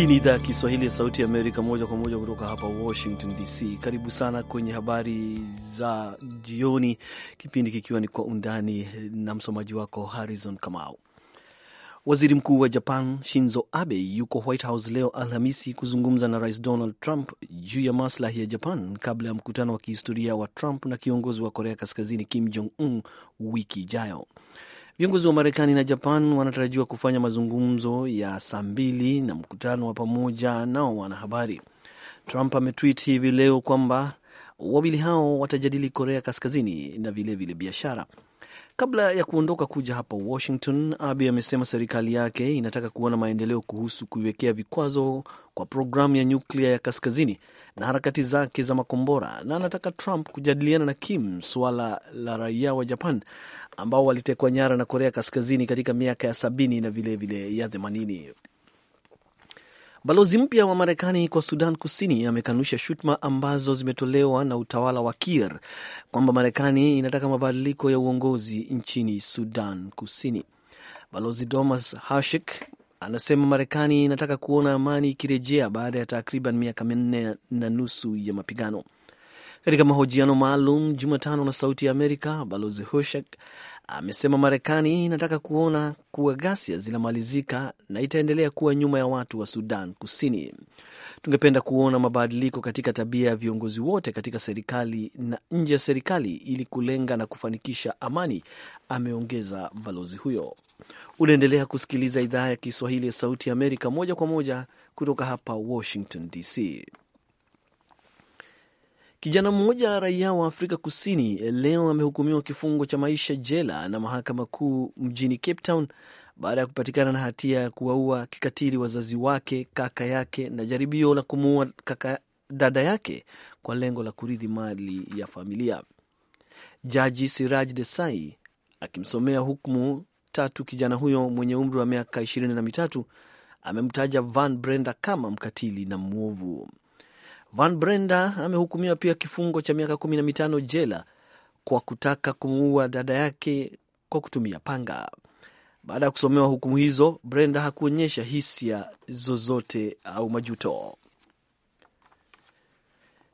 Hii ni idhaa ya Kiswahili ya Sauti ya Amerika, moja kwa moja kutoka hapa Washington DC. Karibu sana kwenye habari za jioni, kipindi kikiwa ni Kwa Undani na msomaji wako Harrison Kamau. Waziri Mkuu wa Japan Shinzo Abe yuko White House leo Alhamisi kuzungumza na Rais Donald Trump juu ya maslahi ya Japan kabla ya mkutano wa kihistoria wa Trump na kiongozi wa Korea Kaskazini Kim Jong Un wiki ijayo. Viongozi wa Marekani na Japan wanatarajiwa kufanya mazungumzo ya saa mbili na mkutano wa pamoja nao wanahabari. Trump ametwit hivi leo kwamba wawili hao watajadili Korea Kaskazini na vilevile biashara vile Kabla ya kuondoka kuja hapa Washington, Abiy amesema serikali yake inataka kuona maendeleo kuhusu kuiwekea vikwazo kwa programu ya nyuklia ya kaskazini na harakati zake za makombora, na anataka Trump kujadiliana na Kim suala la raia wa Japan ambao walitekwa nyara na Korea Kaskazini katika miaka ya sabini na vilevile vile ya themanini. Balozi mpya wa Marekani kwa Sudan Kusini amekanusha shutuma ambazo zimetolewa na utawala wa Kiir kwamba Marekani inataka mabadiliko ya uongozi nchini Sudan Kusini. Balozi Thomas Hashik anasema Marekani inataka kuona amani ikirejea baada ya takriban miaka minne na nusu ya mapigano. Katika mahojiano maalum Jumatano na Sauti ya Amerika, Balozi hushek amesema Marekani inataka kuona kuwa ghasia zinamalizika na itaendelea kuwa nyuma ya watu wa Sudan Kusini. Tungependa kuona mabadiliko katika tabia ya viongozi wote katika serikali na nje ya serikali ili kulenga na kufanikisha amani, ameongeza balozi huyo. Unaendelea kusikiliza idhaa ya Kiswahili ya Sauti ya Amerika moja kwa moja kutoka hapa Washington DC. Kijana mmoja raia wa Afrika Kusini eh, leo amehukumiwa kifungo cha maisha jela na mahakama kuu mjini Cape Town baada ya kupatikana na hatia ya kuwaua kikatili wazazi wake, kaka yake na jaribio la kumuua kaka dada yake kwa lengo la kurithi mali ya familia. Jaji Siraj Desai akimsomea hukumu tatu kijana huyo mwenye umri wa miaka ishirini na mitatu amemtaja Van Brenda kama mkatili na mwovu. Van Brenda amehukumiwa pia kifungo cha miaka kumi na mitano jela kwa kutaka kumuua dada yake kwa kutumia panga. Baada ya kusomewa hukumu hizo, Brenda hakuonyesha hisia zozote au majuto.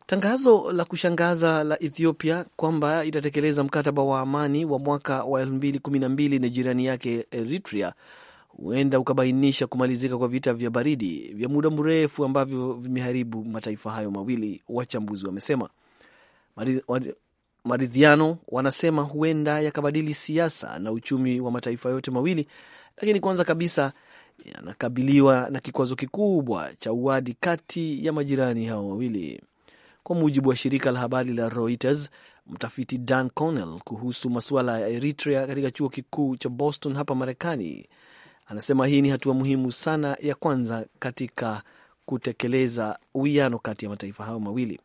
Tangazo la kushangaza la Ethiopia kwamba itatekeleza mkataba wa amani wa mwaka wa 2012 na jirani yake Eritrea huenda ukabainisha kumalizika kwa vita vya baridi vya muda mrefu ambavyo vimeharibu mataifa hayo mawili, wachambuzi wamesema. Maridhiano wanasema huenda yakabadili siasa na uchumi wa mataifa yote mawili, lakini kwanza kabisa yanakabiliwa na kikwazo kikubwa cha uadi kati ya majirani hao wawili. Kwa mujibu wa shirika la habari la Reuters, mtafiti Dan Connell kuhusu masuala ya Eritrea katika chuo kikuu cha Boston hapa Marekani Anasema hii ni hatua muhimu sana ya kwanza katika kutekeleza uwiano kati ya mataifa hayo mawili.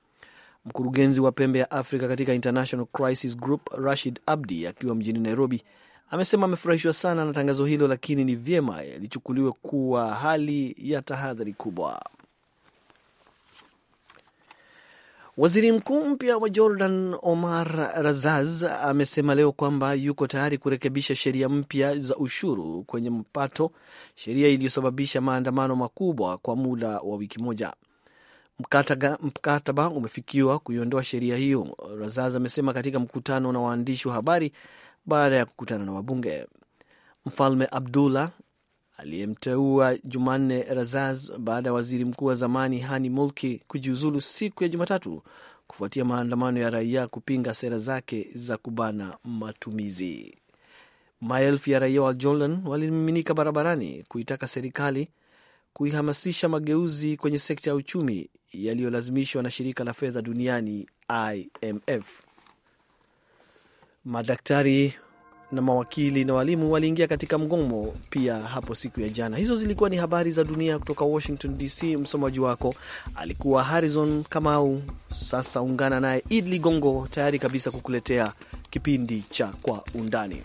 Mkurugenzi wa pembe ya Afrika katika International Crisis Group Rashid Abdi akiwa mjini Nairobi amesema amefurahishwa sana na tangazo hilo, lakini ni vyema lichukuliwe kuwa hali ya tahadhari kubwa. Waziri mkuu mpya wa Jordan Omar Razaz amesema leo kwamba yuko tayari kurekebisha sheria mpya za ushuru kwenye mpato, sheria iliyosababisha maandamano makubwa kwa muda wa wiki moja. Mkataba, mkataba umefikiwa kuiondoa sheria hiyo, Razaz amesema katika mkutano na waandishi wa habari baada ya kukutana na wabunge. Mfalme Abdullah aliyemteua Jumanne Razaz baada ya waziri mkuu wa zamani Hani Mulki kujiuzulu siku ya Jumatatu kufuatia maandamano ya raia kupinga sera zake za kubana matumizi. Maelfu ya raia wa Jordan walimiminika barabarani kuitaka serikali kuihamasisha mageuzi kwenye sekta ya uchumi yaliyolazimishwa na shirika la fedha duniani IMF. Madaktari na mawakili na walimu waliingia katika mgomo pia hapo siku ya jana. Hizo zilikuwa ni habari za dunia kutoka Washington DC. Msomaji wako alikuwa Harrison Kamau. Sasa ungana naye Idli Gongo tayari kabisa kukuletea kipindi cha Kwa Undani.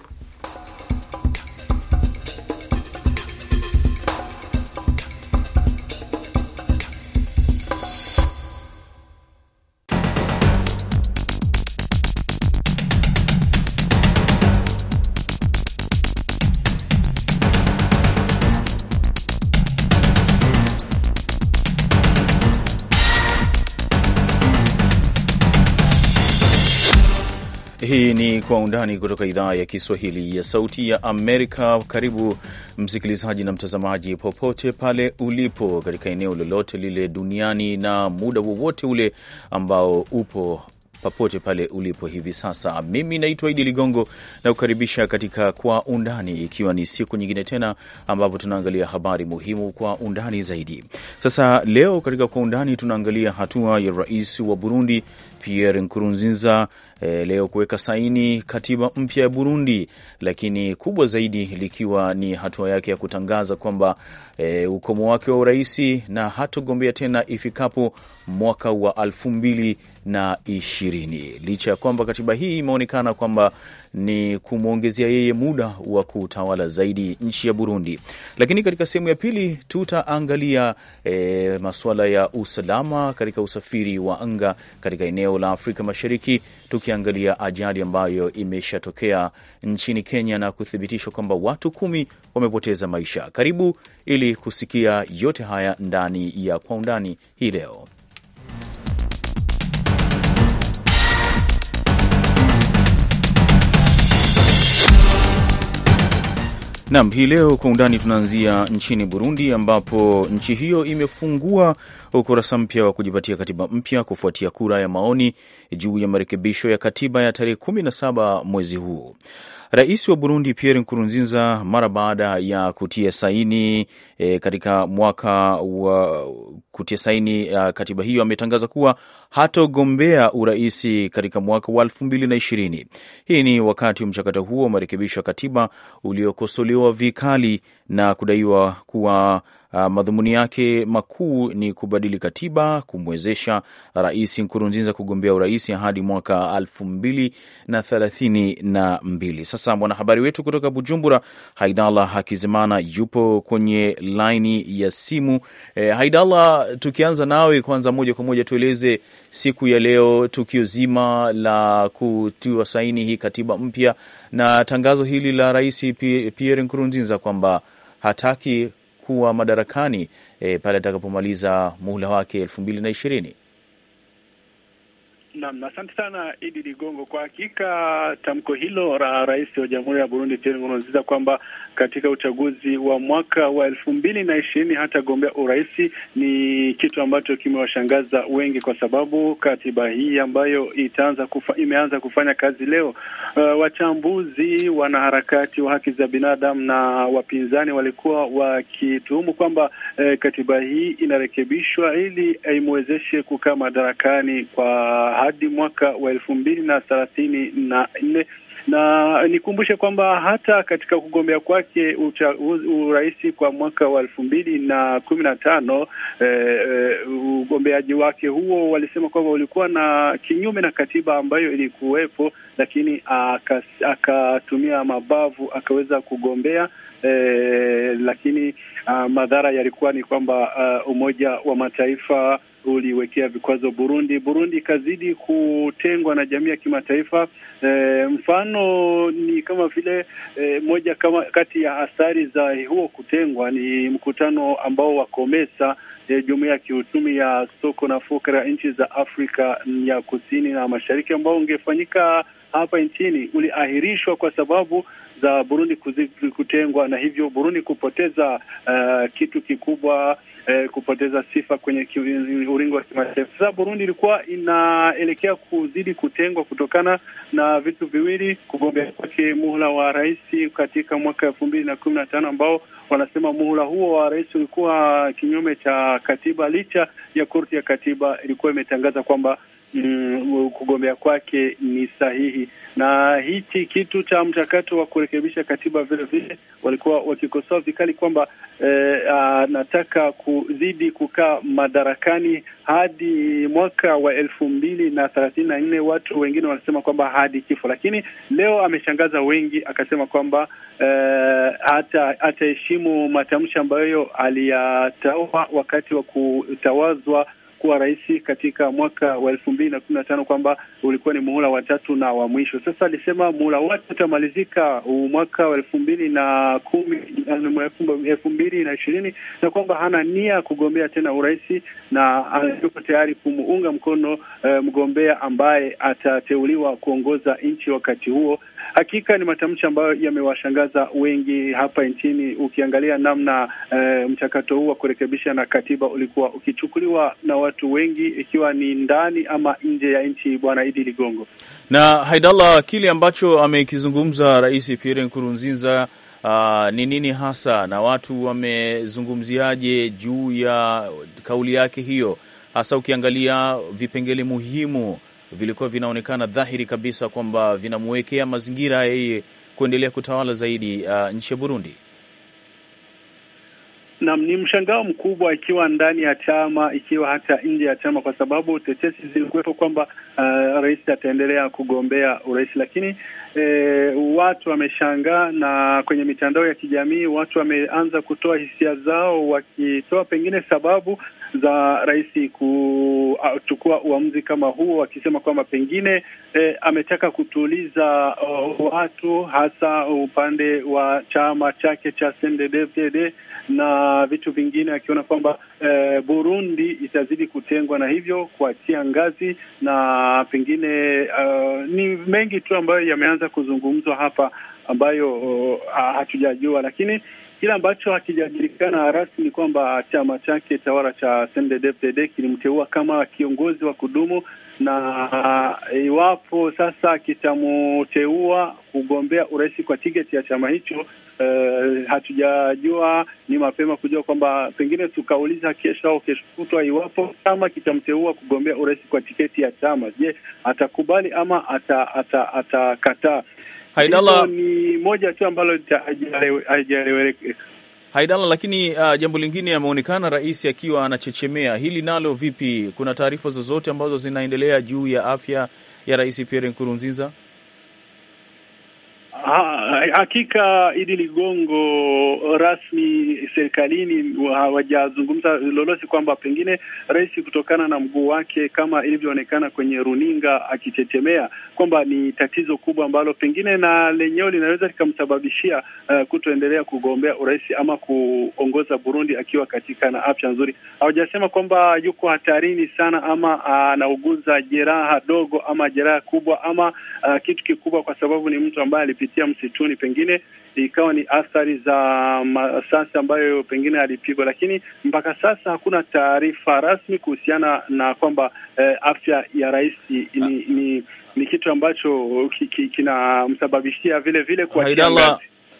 undani kutoka idhaa ya Kiswahili ya Sauti ya Amerika. Karibu msikilizaji na mtazamaji, popote pale ulipo, katika eneo lolote lile duniani na muda wowote ule ambao upo popote pale ulipo hivi sasa. Mimi naitwa Idi Ligongo na kukaribisha katika Kwa Undani, ikiwa ni siku nyingine tena ambapo tunaangalia habari muhimu kwa undani zaidi. Sasa leo katika Kwa Undani tunaangalia hatua ya rais wa Burundi Pierre Nkurunziza e, leo kuweka saini katiba mpya ya Burundi, lakini kubwa zaidi likiwa ni hatua yake ya kutangaza kwamba e, ukomo wake wa uraisi na hatogombea tena ifikapo mwaka wa elfu mbili na ishirini. Licha ya kwamba katiba hii imeonekana kwamba ni kumwongezea yeye muda wa kutawala zaidi nchi ya Burundi, lakini katika sehemu ya pili tutaangalia e, masuala ya usalama katika usafiri wa anga katika eneo la Afrika Mashariki, tukiangalia ajali ambayo imeshatokea nchini Kenya na kuthibitishwa kwamba watu kumi wamepoteza maisha. Karibu ili kusikia yote haya ndani ya Kwa Undani hii leo. Nam, hii leo kwa undani tunaanzia nchini Burundi ambapo nchi hiyo imefungua ukurasa mpya wa kujipatia katiba mpya kufuatia kura ya maoni juu ya marekebisho ya katiba ya tarehe 17 mwezi huu. Rais wa Burundi Pierre Nkurunziza mara baada ya kutia saini e, katika mwaka wa kutia saini ya eh, katiba hiyo ametangaza kuwa hatogombea uraisi katika mwaka wa elfu mbili na ishirini. Hii ni wakati wa mchakato huo wa marekebisho ya katiba uliokosolewa vikali na kudaiwa kuwa Uh, madhumuni yake makuu ni kubadili katiba kumwezesha Rais Nkurunziza kugombea urais hadi mwaka elfu mbili na thelathini na mbili. Sasa mwanahabari wetu kutoka Bujumbura, Haidallah Hakizimana, yupo kwenye laini ya simu. E, Haidallah, tukianza nawe kwanza, moja kwa moja tueleze siku ya leo tukio zima la kutiwa saini hii katiba mpya na tangazo hili la Rais Pierre Nkurunziza kwamba hataki kuwa madarakani e, pale atakapomaliza muhula wake elfu mbili na ishirini. Naam, asante sana Idi Ligongo. Kwa hakika tamko hilo la rais wa Jamhuri ya Burundi Pierre Nkurunziza kwamba katika uchaguzi wa mwaka wa elfu mbili na ishirini hata gombea urais ni kitu ambacho kimewashangaza wengi, kwa sababu katiba hii ambayo itaanza kufa, imeanza kufanya kazi leo. Uh, wachambuzi, wanaharakati wa haki za binadamu na wapinzani walikuwa wakituhumu kwamba eh, katiba hii inarekebishwa ili imwezeshe kukaa madarakani kwa hadi mwaka wa elfu mbili na thelathini na nne na nikumbushe kwamba hata katika kugombea kwake urais kwa mwaka wa elfu mbili na kumi na tano e, e, ugombeaji wake huo walisema kwamba ulikuwa na kinyume na katiba ambayo ilikuwepo, lakini akatumia mabavu akaweza kugombea e, lakini a, ah, madhara yalikuwa ni kwamba a, ah, Umoja wa Mataifa uliwekea vikwazo Burundi. Burundi ikazidi kutengwa na jamii ya kimataifa. E, mfano ni kama vile e, moja kama kati ya athari za huo kutengwa ni mkutano ambao wa COMESA e, jumuiya ya kiuchumi ya soko nafuu katika nchi za Afrika ya Kusini na Mashariki ambao ungefanyika hapa nchini uliahirishwa kwa sababu za Burundi kutengwa na hivyo Burundi kupoteza uh, kitu kikubwa uh, kupoteza sifa kwenye uringo wa kimataifa. Sasa Burundi ilikuwa inaelekea kuzidi kutengwa kutokana na vitu viwili: kugombea kwake muhula wa rais katika mwaka elfu mbili na kumi na tano ambao wanasema muhula huo wa rais ulikuwa kinyume cha katiba, licha ya korti ya katiba ilikuwa imetangaza kwamba mm, kugombea kwake ni sahihi, na hichi kitu cha mchakato wa kurekebisha katiba vile vile walikuwa wakikosoa vikali kwamba eh, anataka kuzidi kukaa madarakani hadi mwaka wa elfu mbili na thelathini na nne. Watu wengine wanasema kwamba hadi kifo, lakini leo ameshangaza wengi, akasema kwamba eh, hata ataheshimu matamshi ambayo aliyatoa wakati wa kutawazwa kuwa rais katika mwaka wa elfu mbili na kumi na tano kwamba ulikuwa ni muhula wa tatu na wa mwisho. Sasa alisema muhula wake utamalizika mwaka wa elfu mbili na kumi elfu mbili na ishirini na kwamba hana nia ya kugombea tena urais na yuko tayari kumuunga mkono eh, mgombea ambaye atateuliwa kuongoza nchi wakati huo Hakika ni matamshi ambayo yamewashangaza wengi hapa nchini, ukiangalia namna e, mchakato huu wa kurekebisha na katiba ulikuwa ukichukuliwa na watu wengi, ikiwa ni ndani ama nje ya nchi. Bwana Idi Ligongo na Haidallah, kile ambacho amekizungumza Rais Pierre Nkurunziza ah, ni nini hasa, na watu wamezungumziaje juu ya kauli yake hiyo, hasa ukiangalia vipengele muhimu vilikuwa vinaonekana dhahiri kabisa kwamba vinamwekea mazingira yeye kuendelea kutawala zaidi uh, nchi ya Burundi. Naam, ni mshangao mkubwa ikiwa ndani ya chama, ikiwa hata nje ya chama, kwa sababu tetesi zilikuwepo kwamba uh, rais ataendelea kugombea urais, lakini eh, watu wameshangaa, na kwenye mitandao ya kijamii watu wameanza kutoa hisia zao, wakitoa pengine sababu za rais kuchukua uamuzi kama huo, akisema kwamba pengine eh, ametaka kutuliza uh, watu hasa upande wa chama chake cha CNDD-FDD na vitu vingine, akiona kwamba eh, Burundi itazidi kutengwa na hivyo kuachia ngazi na pengine uh, ni mengi tu ambayo yameanza kuzungumzwa hapa ambayo uh, hatujajua lakini Kile ambacho hakijajulikana rasmi ni kwamba chama chake tawala cha CNDD-FDD kilimteua kama kiongozi wa kudumu, na eh, iwapo sasa kitamteua kugombea urais kwa tiketi ya chama hicho Uh, hatujajua, ni mapema kujua kwamba pengine tukauliza kesho au kesho kutwa, iwapo chama kitamteua kugombea urais kwa tiketi ya chama, je, atakubali ama atakataa? ata, ata Haidala ni moja tu ambalo haijaeleweka Haidala. Lakini uh, jambo lingine yameonekana rais akiwa anachechemea hili nalo vipi? Kuna taarifa zozote ambazo zinaendelea juu ya afya ya Rais Pierre Nkurunziza? Ha, hakika Idi Ligongo, rasmi serikalini hawajazungumza lolote kwamba pengine rais kutokana na mguu wake kama ilivyoonekana kwenye runinga akitetemea kwamba ni tatizo kubwa ambalo pengine na lenyewe linaweza likamsababishia uh, kutoendelea kugombea urais ama kuongoza Burundi akiwa katika na afya nzuri. Hawajasema kwamba yuko hatarini sana ama anauguza uh, jeraha dogo ama jeraha kubwa ama uh, kitu kikubwa, kwa sababu ni mtu ambaye kupitia msituni, pengine ikawa ni athari za masasi ambayo pengine alipigwa, lakini mpaka sasa hakuna taarifa rasmi kuhusiana na kwamba eh, afya ya rais ni, ni, ni, ni kitu ambacho kinamsababishia vile vile kwa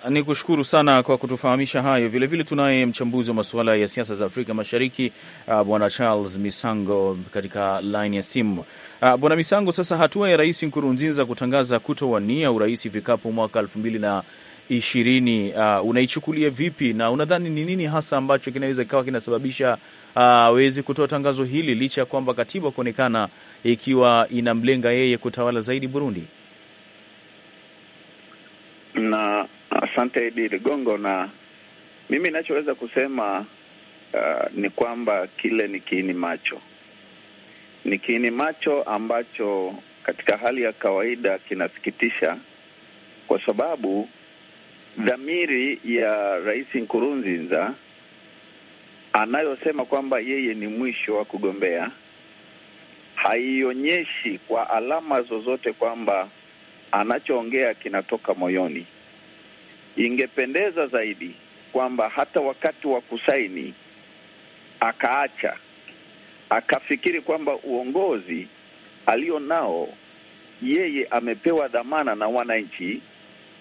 ni kushukuru sana kwa kutufahamisha hayo. Vilevile tunaye mchambuzi wa masuala ya siasa za Afrika Mashariki, uh, bwana Charles Misango katika laini ya simu. Uh, bwana Misango, sasa hatua ya Rais Nkurunziza kutangaza kutowania urais ifikapo mwaka elfu mbili na ishirini uh, unaichukulia vipi na unadhani ni nini hasa ambacho kinaweza kikawa kinasababisha awezi uh, kutoa tangazo hili licha ya kwamba katiba kuonekana ikiwa inamlenga yeye kutawala zaidi Burundi? na Asante Idi Ligongo, na mimi nachoweza kusema uh, ni kwamba kile ni kiini macho, ni kiini macho ambacho katika hali ya kawaida kinasikitisha, kwa sababu dhamiri ya Rais Nkurunziza anayosema kwamba yeye ni mwisho wa kugombea haionyeshi kwa alama zozote kwamba anachoongea kinatoka moyoni ingependeza zaidi kwamba hata wakati wa kusaini akaacha akafikiri kwamba uongozi alio nao yeye amepewa dhamana na wananchi,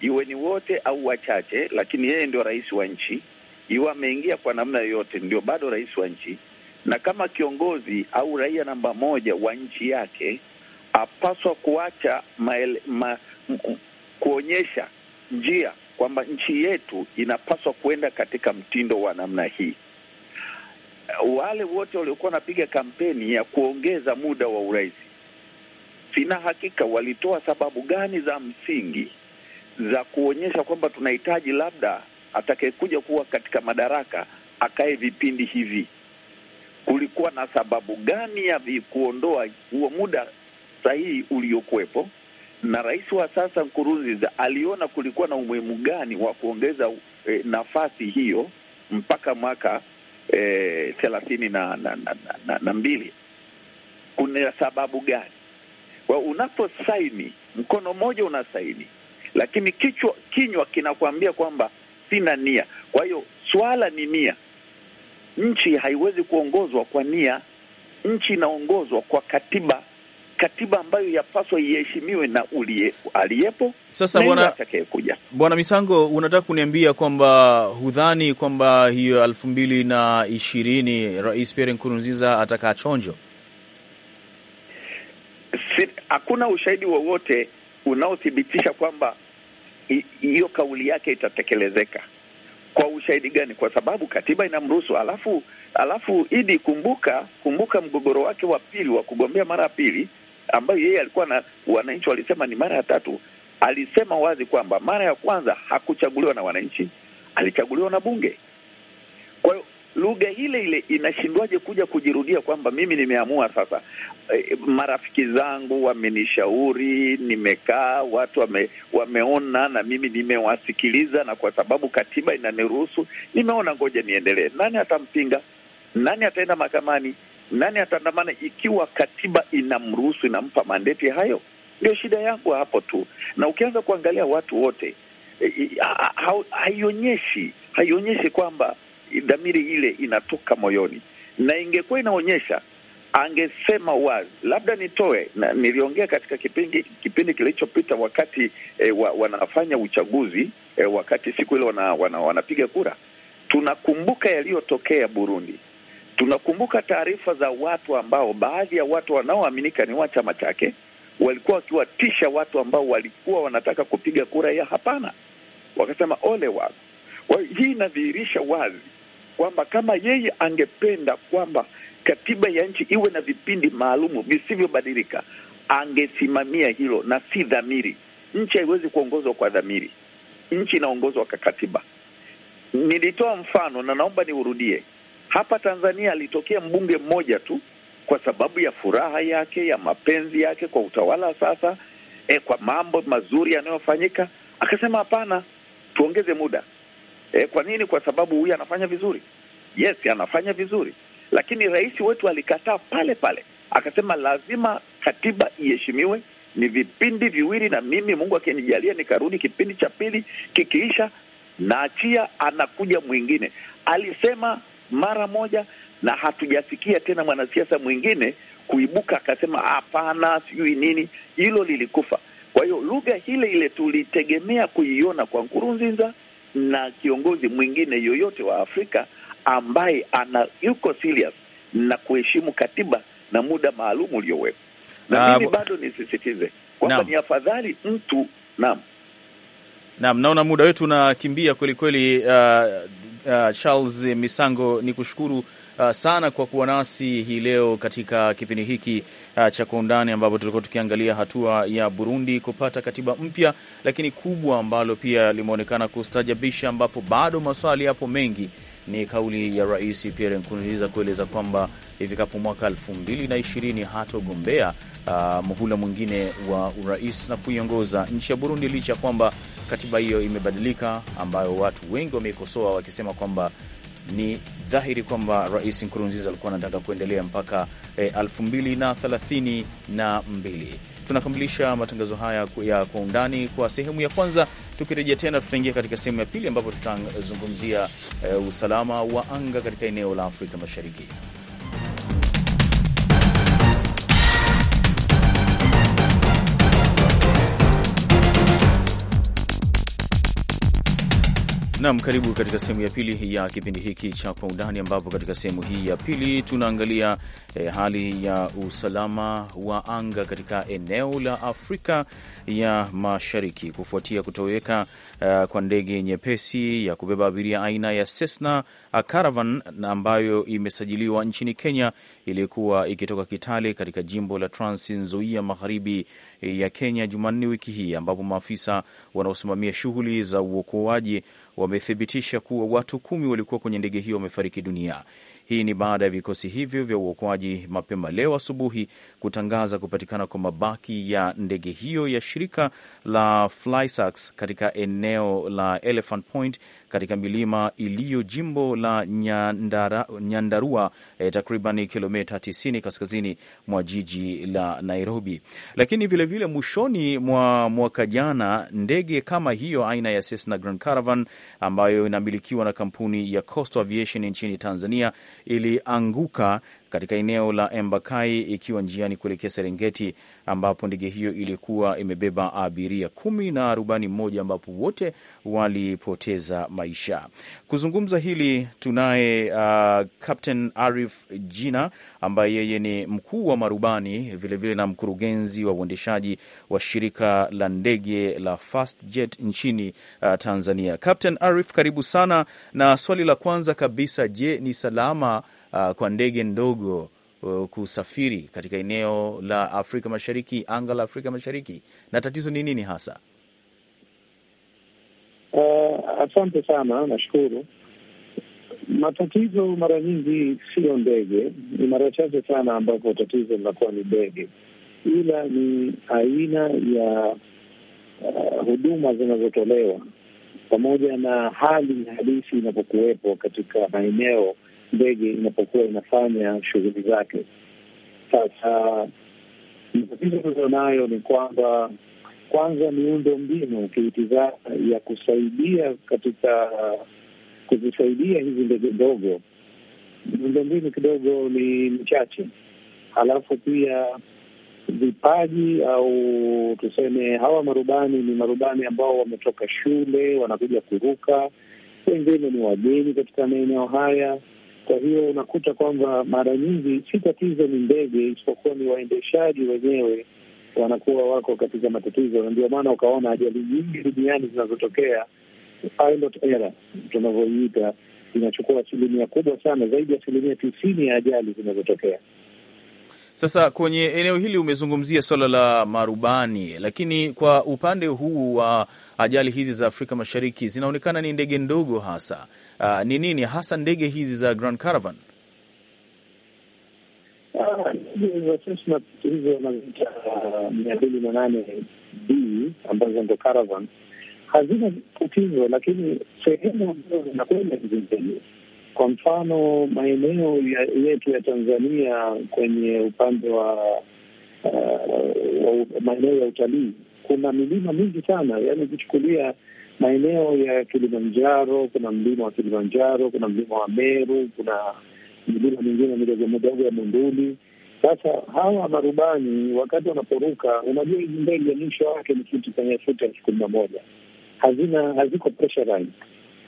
iwe ni wote au wachache, lakini yeye ndio rais wa nchi. Iwe ameingia kwa namna yoyote, ndio bado rais wa nchi, na kama kiongozi au raia namba moja wa nchi yake apaswa kuacha maele, ma, kuonyesha njia kwamba nchi yetu inapaswa kuenda katika mtindo wa namna hii. Wale wote waliokuwa wanapiga kampeni ya kuongeza muda wa urais, sina hakika walitoa sababu gani za msingi za kuonyesha kwamba tunahitaji labda atakayekuja kuwa katika madaraka akae vipindi hivi. Kulikuwa na sababu gani ya kuondoa huo muda sahihi uliokuwepo? na rais wa sasa Nkurunziza aliona kulikuwa na umuhimu gani wa kuongeza e, nafasi hiyo mpaka mwaka e, thelathini na, na, na, na, na, na mbili. Kuna sababu gani? kwa unaposaini mkono mmoja unasaini, lakini kichwa kinywa kinakuambia kwamba sina nia. Kwa hiyo swala ni nia. Nchi haiwezi kuongozwa kwa nia, nchi inaongozwa kwa katiba katiba ambayo yapaswa iheshimiwe na ulie aliyepo sasa. Bwana Bwana Misango, unataka kuniambia kwamba hudhani kwamba hiyo elfu mbili na ishirini Rais Pierre Nkurunziza atakaa chonjo? Hakuna ushahidi wowote unaothibitisha kwamba hiyo kauli yake itatekelezeka. Kwa ushahidi gani? Kwa sababu katiba inamruhusu. Alafu alafu idi, kumbuka kumbuka, mgogoro wake wa pili wa kugombea mara ya pili ambayo yeye alikuwa na wananchi walisema ni mara ya tatu. Alisema wazi kwamba mara ya kwanza hakuchaguliwa na wananchi, alichaguliwa na bunge. Kwa hiyo lugha ile ile inashindwaje kuja kujirudia kwamba mimi nimeamua sasa, e, marafiki zangu wamenishauri, nimekaa, watu wame, wameona na mimi nimewasikiliza, na kwa sababu katiba inaniruhusu nimeona, ngoja niendelee. Nani atampinga? Nani ataenda mahakamani? nani ataandamana ikiwa katiba inamruhusu, inampa mandeti hayo? Ndio shida yangu hapo tu, na ukianza kuangalia watu wote eh, eh, haionyeshi haionyeshi kwamba dhamiri ile inatoka moyoni, na ingekuwa inaonyesha angesema wazi. Labda nitoe na, niliongea katika kipindi kipindi kilichopita wakati e, wa, wanafanya uchaguzi e, wakati siku ile wana, wana, wanapiga kura, tunakumbuka yaliyotokea Burundi Tunakumbuka taarifa za watu ambao baadhi ya watu wanaoaminika ni wa chama chake walikuwa wakiwatisha watu ambao walikuwa wanataka kupiga kura ya hapana, wakasema ole wako. Kwa hiyo hii inadhihirisha wazi kwamba kama yeye angependa kwamba katiba ya nchi iwe na vipindi maalumu visivyobadilika, angesimamia hilo na si dhamiri. Nchi haiwezi kuongozwa kwa dhamiri, nchi inaongozwa kwa katiba. Nilitoa mfano na naomba niurudie. Hapa Tanzania alitokea mbunge mmoja tu kwa sababu ya furaha yake ya mapenzi yake kwa utawala sasa, e, kwa mambo mazuri yanayofanyika, akasema hapana, tuongeze muda. E, kwa nini? Kwa sababu huyu anafanya vizuri. Yes, anafanya vizuri, lakini rais wetu alikataa pale pale, akasema lazima katiba iheshimiwe. Ni vipindi viwili, na mimi Mungu akinijalia nikarudi, kipindi cha pili kikiisha, naachia, anakuja mwingine. Alisema mara moja, na hatujasikia tena mwanasiasa mwingine kuibuka akasema hapana, sijui nini, hilo lilikufa. Kwa hiyo lugha ile ile tulitegemea kuiona kwa Nkurunziza na kiongozi mwingine yoyote wa Afrika ambaye ana yuko serious na kuheshimu katiba na muda maalum uliowekwa. Na mimi bado nisisitize kwamba ni afadhali mtu naam. Naam, naona muda wetu unakimbia kweli kweli. Uh, uh, Charles Misango, ni kushukuru uh, sana kwa kuwa nasi hii leo katika kipindi hiki uh, cha Kwa Undani, ambapo tulikuwa tukiangalia hatua ya Burundi kupata katiba mpya, lakini kubwa ambalo pia limeonekana kustajabisha, ambapo bado maswali yapo mengi ni kauli ya Rais Pierre Nkurunziza kueleza kwamba ifikapo mwaka 2020 hatogombea uh, muhula mwingine wa urais na kuiongoza nchi ya Burundi, licha ya kwamba katiba hiyo imebadilika, ambayo watu wengi wameikosoa wakisema kwamba ni dhahiri kwamba Rais Nkurunziza alikuwa anataka kuendelea mpaka eh, tunakamilisha matangazo haya ya kwa undani kwa sehemu ya kwanza. Tukirejea tena, tutaingia katika sehemu ya pili ambapo tutazungumzia uh, usalama wa anga katika eneo la Afrika Mashariki. Nam, karibu katika sehemu ya pili ya kipindi hiki cha Kwa Undani, ambapo katika sehemu hii ya pili tunaangalia eh, hali ya usalama wa anga katika eneo la Afrika ya Mashariki kufuatia kutoweka uh, kwa ndege nyepesi ya kubeba abiria aina ya Cessna Caravan ambayo imesajiliwa nchini Kenya iliyokuwa ikitoka Kitale katika jimbo la Trans Nzoia magharibi ya Kenya Jumanne wiki hii, ambapo maafisa wanaosimamia shughuli za uokoaji wamethibitisha kuwa watu kumi walikuwa kwenye ndege hiyo wamefariki dunia. Hii ni baada ya vikosi hivyo vya uokoaji mapema leo asubuhi kutangaza kupatikana kwa mabaki ya ndege hiyo ya shirika la Flysax katika eneo la Elephant Point katika milima iliyo jimbo la Nyandara, Nyandarua eh, takriban kilomita 90 kaskazini mwa jiji la Nairobi. Lakini vilevile vile mwishoni mwa mwaka jana ndege kama hiyo aina ya Cessna Grand Caravan ambayo inamilikiwa na kampuni ya Coastal Aviation nchini Tanzania ilianguka katika eneo la Embakai ikiwa njiani kuelekea Serengeti, ambapo ndege hiyo ilikuwa imebeba abiria kumi na rubani mmoja, ambapo wote walipoteza maisha. Kuzungumza hili tunaye uh, Captain Arif Jina ambaye yeye ni mkuu wa marubani vilevile vile na mkurugenzi wa uendeshaji wa shirika la ndege la Fastjet nchini uh, Tanzania. Captain Arif, karibu sana, na swali la kwanza kabisa, je, ni salama Uh, kwa ndege ndogo uh, kusafiri katika eneo la Afrika Mashariki, anga la Afrika Mashariki, na tatizo ni nini hasa? Uh, asante sana, nashukuru. Matatizo mara nyingi siyo ndege, ni mara chache sana ambapo tatizo linakuwa ni ndege, ila ni aina ya uh, huduma zinazotolewa pamoja na hali halisi inapokuwepo katika maeneo ndege inapokuwa inafanya shughuli zake. Sasa matatizo tulionayo ni kwamba kwanza, miundo mbinu ukiitizama ya kusaidia katika kuzisaidia hizi ndege ndogo, miundo mbinu kidogo ni michache, halafu pia vipaji au tuseme hawa marubani ni marubani ambao wametoka shule, wanakuja kuruka, wengine ni wageni katika maeneo haya. Kwa hiyo unakuta kwamba mara nyingi si tatizo ni ndege, isipokuwa ni waendeshaji wenyewe wanakuwa wako katika matatizo, na ndio maana ukaona ajali nyingi duniani zinazotokea pilot error tunavyoiita, inachukua asilimia kubwa sana, zaidi ya asilimia tisini ya ajali zinazotokea. Sasa kwenye eneo hili umezungumzia swala la marubani, lakini kwa upande huu wa ajali hizi za Afrika Mashariki zinaonekana ni ndege ndogo hasa. Ah, ni nini hasa ndege hizi za Grand Caravan? Ah, hizo nazita mia mbili na nane b ambazo ndo Caravan hazina tatizo, lakini sehemu ambazo zinakwenda hizi ndege kwa mfano maeneo yetu ya Tanzania kwenye upande wa uh, maeneo ya utalii kuna milima mingi sana, yaani ukichukulia maeneo ya Kilimanjaro, kuna mlima wa Kilimanjaro, kuna mlima wa Meru, kuna milima mingine midogo midogo ya munduli Sasa hawa marubani wakati wanaporuka, unajua hizi ndege mwisho wake ni kitu chenye futi elfu kumi na moja hazina haziko pressurized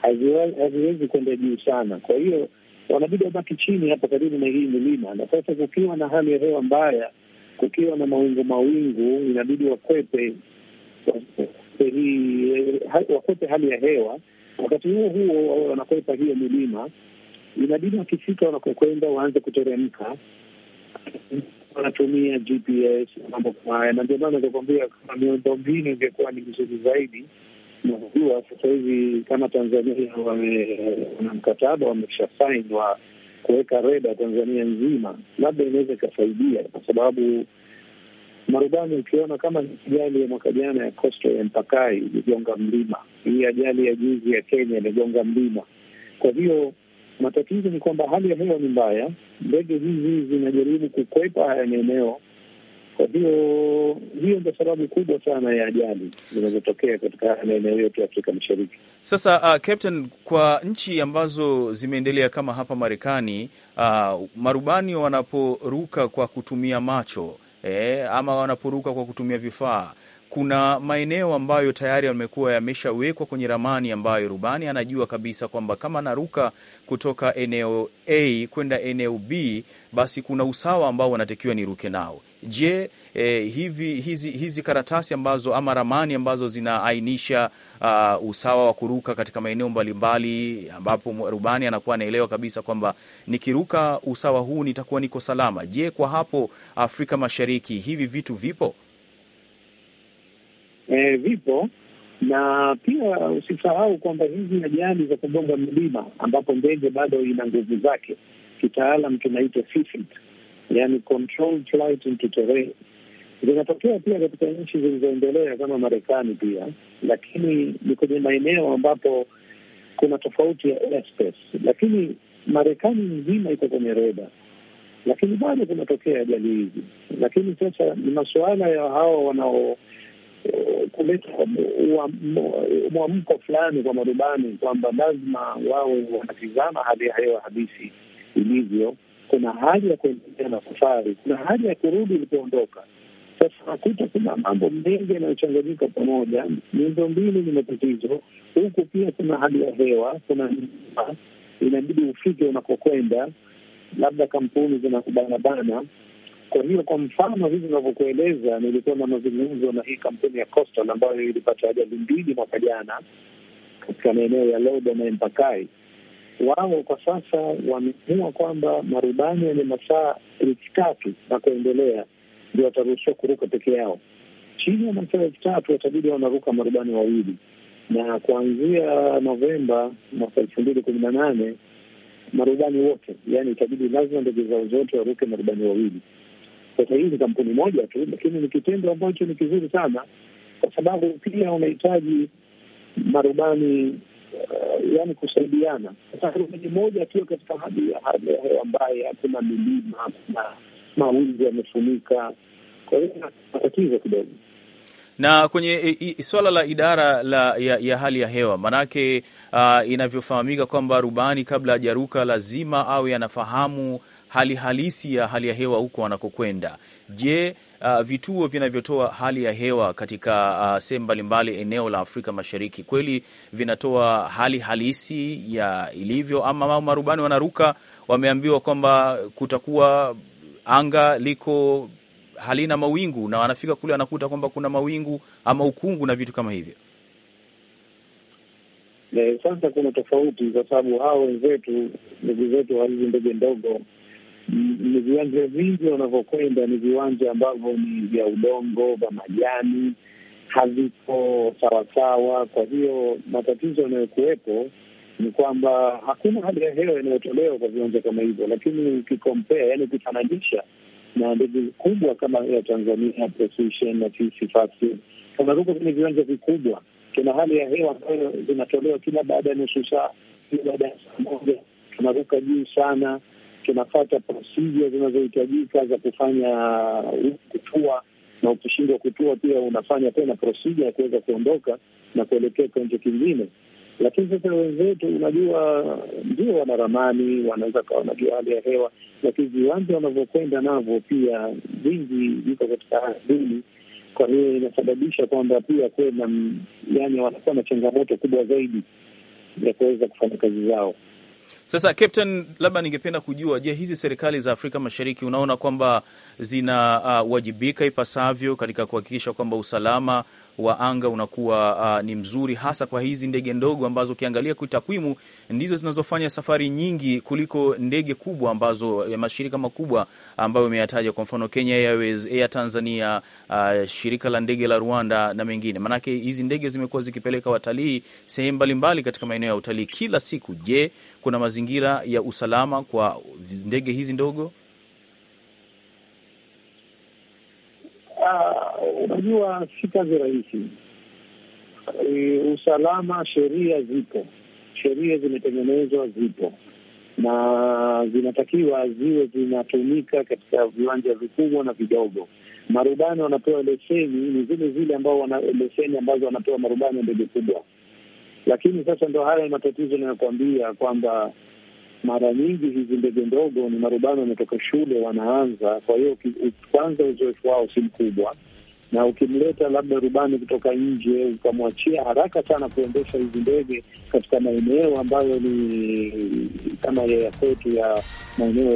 haziwezi kwenda juu sana. Kwa hiyo wanabidi wabaki chini hapa karibu na hii milima, na sasa kukiwa na hali ya hewa mbaya, kukiwa na mawingu mawingu, inabidi wakwepe wakwepe hali ya hewa. Wakati huo huo wanakwepa hiyo milima, inabidi wakifika wanakokwenda waanze kuteremka, wanatumia GPS, mambo kama haya, na ndio maana nikakwambia kama miundo mbinu ingekuwa ni vizuri zaidi Unajua, sasa hivi kama Tanzania wana mkataba wamesha sain wa kuweka reda Tanzania nzima, labda inaweza ikasaidia, kwa sababu marubani, ukiona kama ni ajali ya mwaka jana ya Coastal ya Mpakai iligonga mlima, hii ajali ya juzi ya Kenya imegonga mlima. Kwa hiyo matatizo ni kwamba hali ya hewa ni mbaya, ndege hizi zinajaribu kukwepa haya maeneo kwa hiyo hiyo ndo sababu kubwa sana ya ajali zinazotokea katika maeneo yetu ya Afrika Mashariki. Sasa uh, Captain, kwa nchi ambazo zimeendelea kama hapa Marekani, uh, marubani wanaporuka kwa kutumia macho eh, ama wanaporuka kwa kutumia vifaa kuna maeneo ambayo tayari yamekuwa yameshawekwa kwenye ramani ambayo rubani anajua kabisa kwamba kama naruka kutoka eneo A kwenda eneo B, basi kuna usawa ambao wanatakiwa niruke nao. Je, e, hivi hizi, hizi karatasi ambazo ama ramani ambazo zinaainisha uh, usawa wa kuruka katika maeneo mbalimbali ambapo rubani anakuwa anaelewa kabisa kwamba nikiruka usawa huu nitakuwa niko salama. Je, kwa hapo Afrika Mashariki hivi vitu vipo? E, vipo na pia usisahau kwamba hizi ajali za kugonga milima ambapo ndege bado ina nguvu zake, kitaalam tunaitwa yani control flight into terrain zinatokea pia katika nchi zilizoendelea kama Marekani pia, lakini ni kwenye maeneo ambapo kuna tofauti ya airspace, lakini Marekani nzima iko kwenye reda, lakini bado kunatokea ajali hizi. Lakini sasa ni masuala ya hawa wanao eh, kuleta mwamko fulani kwa marubani kwamba lazima wawe wanatizama hali ya hewa halisi ilivyo kuna hali ya kuendelea na safari, kuna hali ya kurudi ilipoondoka Sasa nakuta kuna mambo mengi yanayochanganyika pamoja. Miundo mbinu ni matatizo, huku pia kuna hali ya hewa, kuna nyuma, inabidi ufike unakokwenda, labda kampuni zinakubanabana. Kwa hiyo kwa mfano hivi unavyokueleza, nilikuwa na mazungumzo na hii kampuni ya Coastal ambayo ilipata ajali mbili mwaka jana katika maeneo ya Loda na Empakai wao kwa sasa wameamua kwamba marubani wenye masaa elfu tatu na kuendelea ndio wataruhusiwa kuruka peke yao. Chini ya masaa elfu tatu watabidi wanaruka marubani wawili, na kuanzia Novemba mwaka elfu mbili kumi na nane marubani wote, yaani itabidi lazima ndege zao zote waruke marubani wawili. Sasa hii ni kampuni moja tu, lakini ni kitendo ambacho ni kizuri sana, kwa sababu pia unahitaji marubani Eh, yani kusaidiana. Sasa moja akiwa katika hali ya hali ya hewa ambaye hakuna milima, hakuna mawingu yamefunika, kwa hiyo matatizo kidogo na kwenye eh, swala la idara la ya, ya hali ya hewa maanake, uh, ah, inavyofahamika kwamba rubani kabla hajaruka lazima awe anafahamu hali halisi ya hali ya hewa huko wanakokwenda. Je, uh, vituo vinavyotoa hali ya hewa katika uh, sehemu mbalimbali eneo la Afrika Mashariki kweli vinatoa hali halisi ya ilivyo, ama mao marubani wanaruka, wameambiwa kwamba kutakuwa anga liko halina mawingu, na wanafika kule wanakuta kwamba kuna mawingu ama ukungu na vitu kama hivyo. Eh, sasa kuna tofauti kwa sababu hao wenzetu ndugu zetu wa hizi ndege ndogo ni viwanja vingi wanavyokwenda ni viwanja ambavyo ni vya udongo vya majani, haviko sawasawa. Kwa hiyo matatizo yanayokuwepo ni kwamba hakuna hali ya hewa inayotolewa kwa viwanja kama hivyo, lakini ukikompea, yani ukifananisha na ndege kubwa kama ya Tanzania Precision na TC Factory, tunaruka kwenye viwanja vikubwa, tuna hali ya hewa ambayo inatolewa kila baada ya nusu saa, kila baada ya saa moja, tunaruka juu sana kinafata procedure zinazohitajika za kufanya kutua, na ukishindwa kutua pia unafanya tena procedure ya kuweza kuondoka na kuelekea kiwanja kingine. Lakini sasa wenzetu, unajua, ndio wana ramani, wanaweza kawa wanajua hali ya hewa, lakini viwanja wanavyokwenda navyo pia vingi viko katika hali duni. Kwa hiyo inasababisha kwamba pia kuwe yani, wanakuwa na changamoto kubwa zaidi ya kuweza kufanya kazi zao. Sasa Captain, labda ningependa kujua, je, hizi serikali za Afrika Mashariki unaona kwamba zinawajibika uh, ipasavyo katika kuhakikisha kwamba usalama wa anga unakuwa uh, ni mzuri, hasa kwa hizi ndege ndogo ambazo ukiangalia kitakwimu ndizo zinazofanya safari nyingi kuliko ndege kubwa ambazo mashirika makubwa ambayo umeyataja, kwa mfano Kenya Airways, Air Tanzania, uh, shirika la ndege la Rwanda na mengine. Maanake hizi ndege zimekuwa zikipeleka watalii sehemu mbalimbali katika maeneo ya utalii kila siku. Je, kuna mazingira mazingira ya usalama kwa ndege hizi ndogo? Ah, unajua, si kazi rahisi. E, usalama, sheria zipo, sheria zimetengenezwa, zipo na zinatakiwa ziwe zinatumika katika viwanja vikubwa na vidogo. Marubani wanapewa leseni ni zile zile ambao wana leseni ambazo wanapewa marubani ya ndege kubwa lakini sasa ndo haya matatizo inayokwambia kwamba mara nyingi hizi ndege ndogo ni marubani wametoka shule wanaanza, kwa hiyo kwanza uzoefu wao si mkubwa na ukimleta labda rubani kutoka nje ukamwachia haraka sana kuendesha hizi ndege katika maeneo ambayo ni kama ya kwetu ya maeneo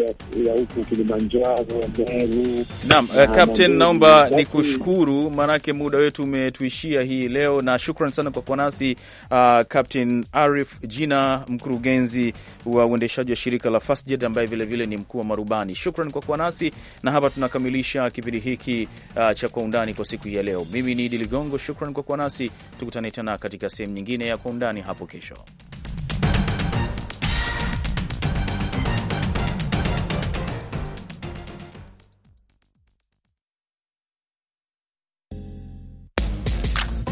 ya huku Kilimanjaro, Meru. Naam, eh, Captain, naomba kushukuru maanake muda wetu umetuishia hii leo, na shukran sana kwa kuwa nasi uh, Captain Arif Jina, mkurugenzi wa uendeshaji wa shirika la Fastjet ambaye vilevile ni mkuu wa marubani. Shukran kwa kuwa nasi na hapa tunakamilisha kipindi hiki uh, cha kwa undani kwa kwa siku hii ya leo. Mimi ni Idi Ligongo, shukran kwa kuwa nasi. Tukutane tena katika sehemu nyingine ya Kwa Undani hapo kesho.